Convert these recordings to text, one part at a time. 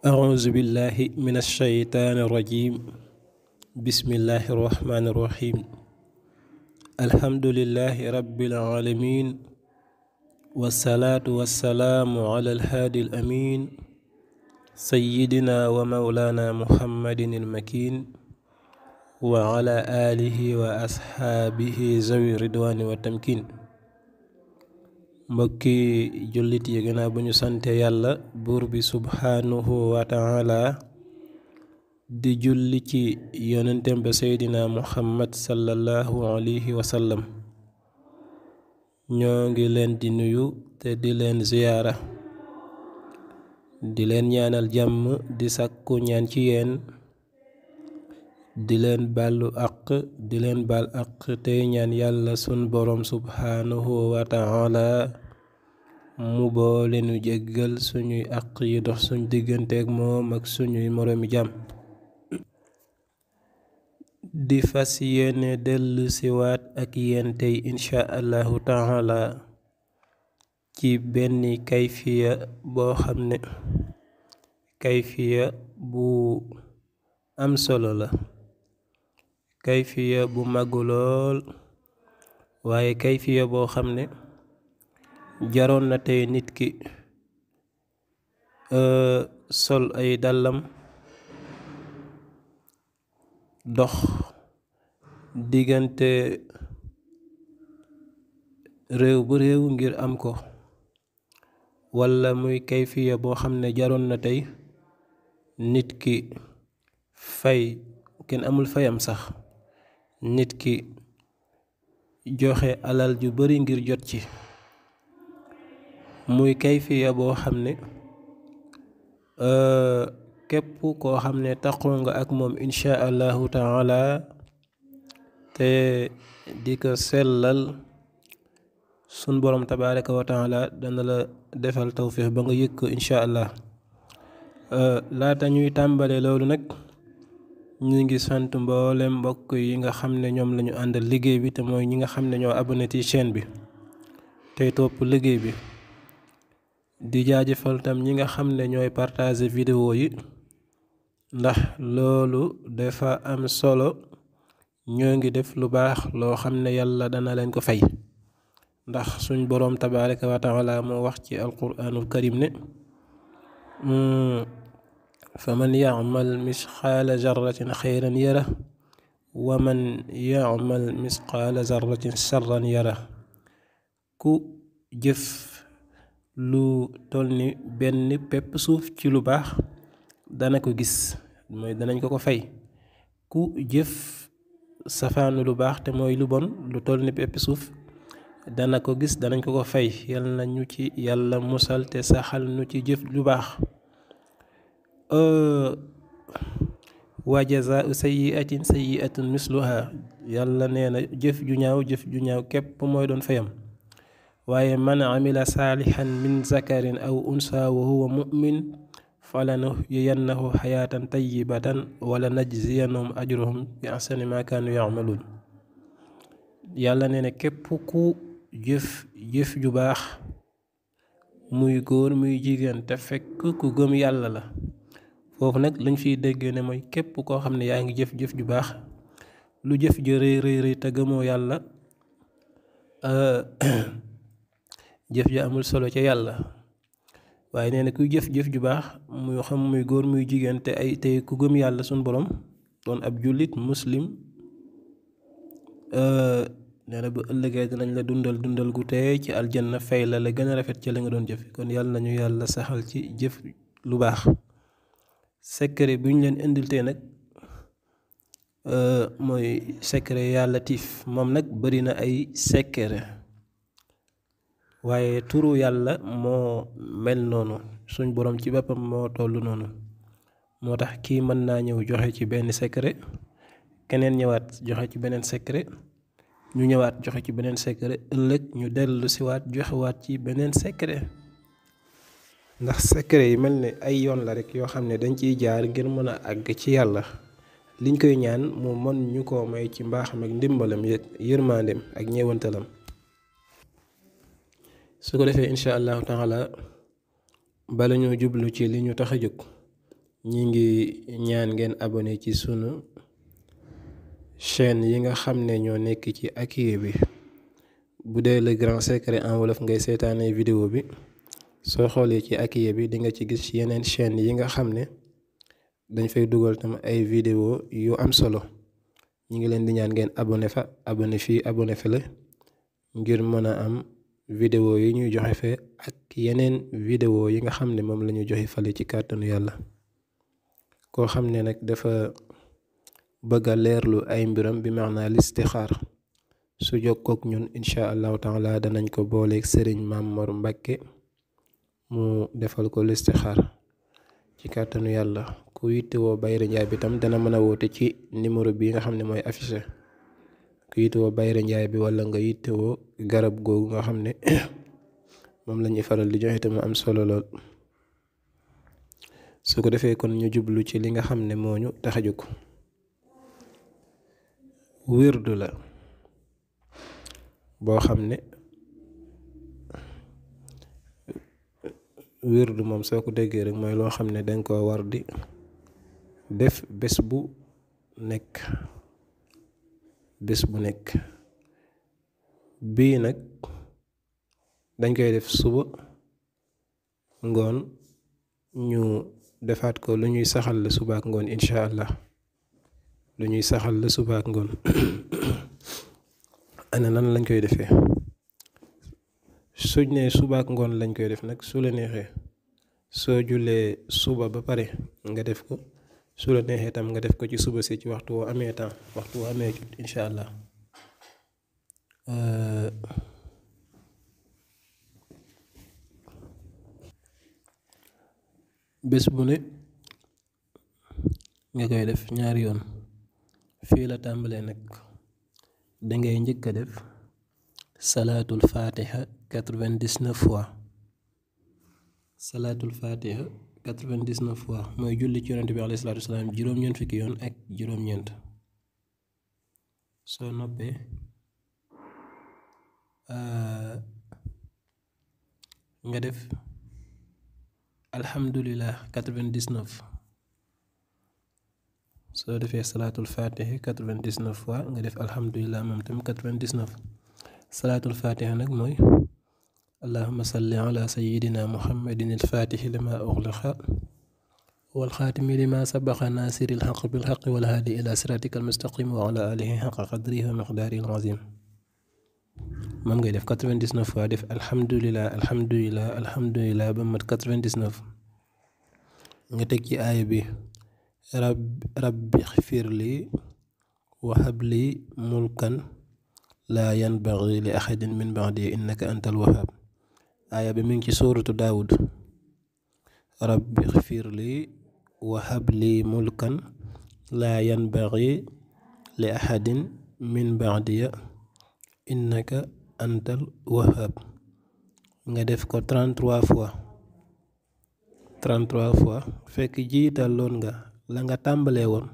أعوذ بالله من الشيطان الرجيم بسم الله الرحمن الرحيم الحمد لله رب العالمين والصلاة والسلام على الهادي الأمين سيدنا ومولانا محمد المكين وعلى آله وأصحابه ذوي الرضوان والتمكين mbokki jullit yi gana buñu sante yàlla buur bi subhanahu wa taala di julli ci yonentem ba sayidina muhammad sallallahu alayhi wa sallam ñoo ngi leen di nuyu te di leen ziyaara di leen ñaanal jàmm di sakku ñaan ci yeen di leen bàllu àq di leen bàl àq tey ñaan yàlla sun borom subhanahu wa taala mu boole nu jéggal suñuy àq yi dox suñ digganteeg moom ak suñuy moroomi jàmm di fas yéene dellu siwaat ak yéen tey incha allahu la ci benn kayfiya boo xam ne kayfiya bu am solo la kayfiya bu màggu lool waaye kayfiya boo xam ne jaroon na tey nit ki euh, sol ay dàllam dox diggante réew bu réew ngir am ko walla muy kayfiya boo xam ne jaroon na tey nit ki fay kenn amul fayam sax nit ki joxe alal ju bari ngir jot ci muy kayfiya boo xam ne euh, képp koo xam ne taxoo nga ak moom insha allahu taala te di ko sellal sun borom tabaraka wa taala dana la defal tawfix ba nga yëg ko insha allah euh, laata ñuy tàmbale loolu nag ñu ngi sant mboole mbokk yi nga xam ne ñoom la ñu àndal liggéey bi te mooy ñi nga xam ne ñoo abonné ci chaîne bi tey topp liggéey bi di jaajëfal tam ñi nga xam ne ñooy partager vidéo yi ndax loolu dafa am solo ñoo ngi def lu baax loo xam ne yàlla dana leen ko fay ndax suñ borom tabaraka wa taala mo wax ci alquraanul karim ne fa man yacmal misqaala jarratin xayran yara wa man yacmal misqaala jarratin charran yara ku jëf lu toll ni benn pepp suuf ci lu baax dana ko gis mooy danañ ko ko fay ku jëf safaanu lu baax te mooy lu bon lu toll ni pepp suuf dana ko gis danañ ko ko fay yal na ñu ci yàlla musal te saxal nu ci jëf lu baax wa jazaau sayyiatin lu misluha yàlla nee na jëf ju ñaaw jëf ju ñaaw képp mooy doon fayam waaye man amila saalixan min zakarin aw unsa wa huwa mumin falanuhyiyannahu xayaatan tayibatan wala najziyannahum ajrahum bi ahsani ma kaanu yamaluun yàlla nee na képp ku jëf jëf ju baax muy góor muy jigéen te fekk ku gëm yàlla la foofu nag lañ fiy déggee ne mooy képp koo xam ne yaa ngi jëf jëf ju baax lu jëf ju rëy rëy rëy te gëmoo yàlla jëf ju amul solo ca yàlla waaye nee na kuy jëf-jëf ju baax muy xam muy góor muy jigéen te ay te ku gëm yàlla sun borom doon ab jullit muslim nee na bu ëllëgee dinañ la dundal dundal gu tee ci aljanna fay la la gën a rafet ci la nga doon jëf kon yàlla nañu yàlla saxal ci jëf lu baax secret bi ñu leen indil tey nag mooy secret yàlla tiif moom nag bari na ay secret waaye turu yàlla moo mel noonu suñ borom ci boppam moo toll noonu moo tax kii mën naa ñëw joxe ci benn secret keneen ñëwaat joxe ci beneen secret ñu ñëwaat joxe ci beneen secret ëllëg ñu dellu siwaat joxewaat ci beneen secret ndax secret yi mel ne ay yoon la rekk yoo xam ne dañ ciy jaar ngir mën a àgg ci yàlla liñ koy ñaan mu mën ñu ko may ci mbaaxam ak ndimbalam yërmandeem ak ñeewantalam su ko defee incha allahu taala bala ñoo jublu ci li ñu tax a jóg ñi ngi ñaan ngeen abonné ci sunu chaîne yi nga xam ne ñoo nekk ci akiye bi bu dee le grand secret en wolof ngay seetaanee vidéo bi soo xoolee ci akiye bi di nga ci gis yeneen chaîne yi nga xam ne dañ fay dugal tam ay vidéo yu am solo ñi ngi leen di ñaan ngeen abonné fa abonné fii abonné fële ngir mën a am vidéo yi ñuy joxe fee ak yeneen vidéo yi nga xam ne moom la joxe fale ci kàttanu yàlla koo xam ne nag dafa bëgg a leerlu ay mbiram bi max naa listi listixaar su jox kook ñun incha allahu taala danañ ko booleeg sëriñ Maam Mor Mbàkke mu defal ko listixaar ci kàttanu yàlla ku yittewoo Bayré Ndiaye bi tam dana mën a woote ci numéro bi nga xam ne mooy affiché ko yittewo bayre njaay bi walla nga yittewo garab googu nga xam ne moom lañuy faral di joxe tam am solo lool su ko defee kon ñu jublu ci li nga xam ne moo ñu taxaju ko wirdu la boo xam ne wirdu moom soo ko déggee rek mooy loo xam ne danga koo war di def bés bu nekk bés bu nekk bii nag dañ koy def suba ngoon ñu defaat ko lu ñuy saxal la suba ngoon incha allah lu ñuy saxal la suba ngoon ana nan lañ koy defee suñ ne subaak ngoon lañ koy def nag su la neexee soo julee suba ba pare nga def ko. su la neexee tam nga def ko ci suba si ci waxtu woo amee temps waxtu woo amee jot incha allah bés bu ne nga koy def ñaari yoon fii la tàmbalee nag dangay njëkk a def salaatul faatiha quatre-vingt-dix-neuf fois salaatul faatiha 99 fois mooy julli ci yonent bi alayhi salaatu wasalaam juróom ak juróom soo noppee euh, nga def alhamdulilah 99 soo defee salaatul faatiha 99 fois nga def alhamdulilah moom tam 99 salaatul faatiha nag mooy اللهم صل على سيدنا محمد الفاتح لما أغلق والخاتم لما سبق ناصر الحق بالحق والهادي إلى صراطك المستقيم وعلى آله حق قدره ومقداره العظيم مام غي ديف 99 ديف الحمد لله الحمد لله الحمد لله بمت 99 nga tek ci ay رب رب اغفر لي وهب لي ملكا لا ينبغي لاحد من بعدي انك انت الوهاب آية بمنك سورة داود رب اغفر لي وهب لي ملكا لا ينبغي لأحد من بعدي إنك أنت الوهاب ندف 33 فوا 33 فوا فك جيتال لونغا لاغا تامبالي وون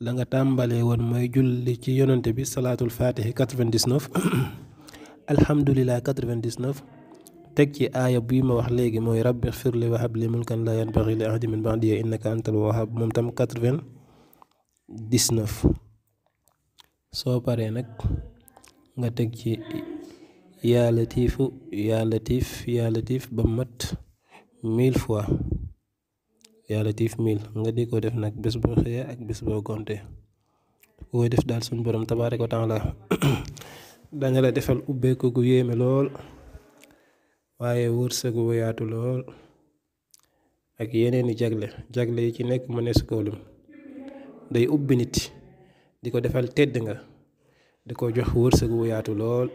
لاغا تامبالي وون ماي جولي سي يونتبي صلاه الفاتحه 99 الحمد لله 99 teg ci aaya bii ma wax léegi mooy rabbi firli wahab li mulkan laa yanbaghi li ahadin min ba'di innaka antal wahhab moom tam 99 soo paree nag nga teg ci yaa latifu yaa latif yaa latif ba mat 1000 fois yaa latif 1000 nga di ko def nag bés boo xëyee ak bés boo gonte koy def daal suñu borom tabaaraka wa taala dañu la defal ubbeeku gu yéeme lool waaye wërsëg wu yaatu lool ak yeneen i jagle jagle yi ci nekk mu ne su koolum day ubbi nit di ko defal tedd nga di ko jox wërsëg wu yaatu lool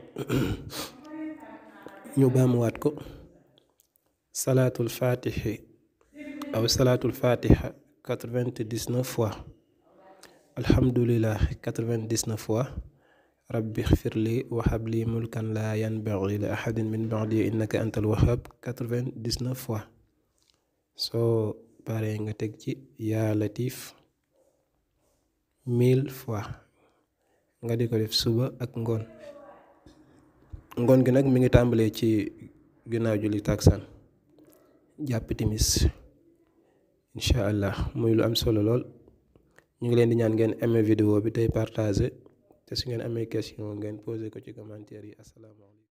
ñu baamuwaat ko salaatul fatixi aw salaatul fatixa 99 fois alhamdulilah 99 fois rabbi wa habli mulkan laa yanbaghi li ahadin min ba'di innaka antal wahhab 99 fois So, pare nga tek ci ya latif 1000 fois nga diko def suba ak ngon ngon gi nak mi ngi tambale ci ginaaw julli taksan japp timis inshallah allah muy lu am solo lol ñu ngi leen di ñaan ngeen aimé vidéo bi tay partager te su ngeen amee question ngeen posé ko ci commentaire yi asalaamaaleykum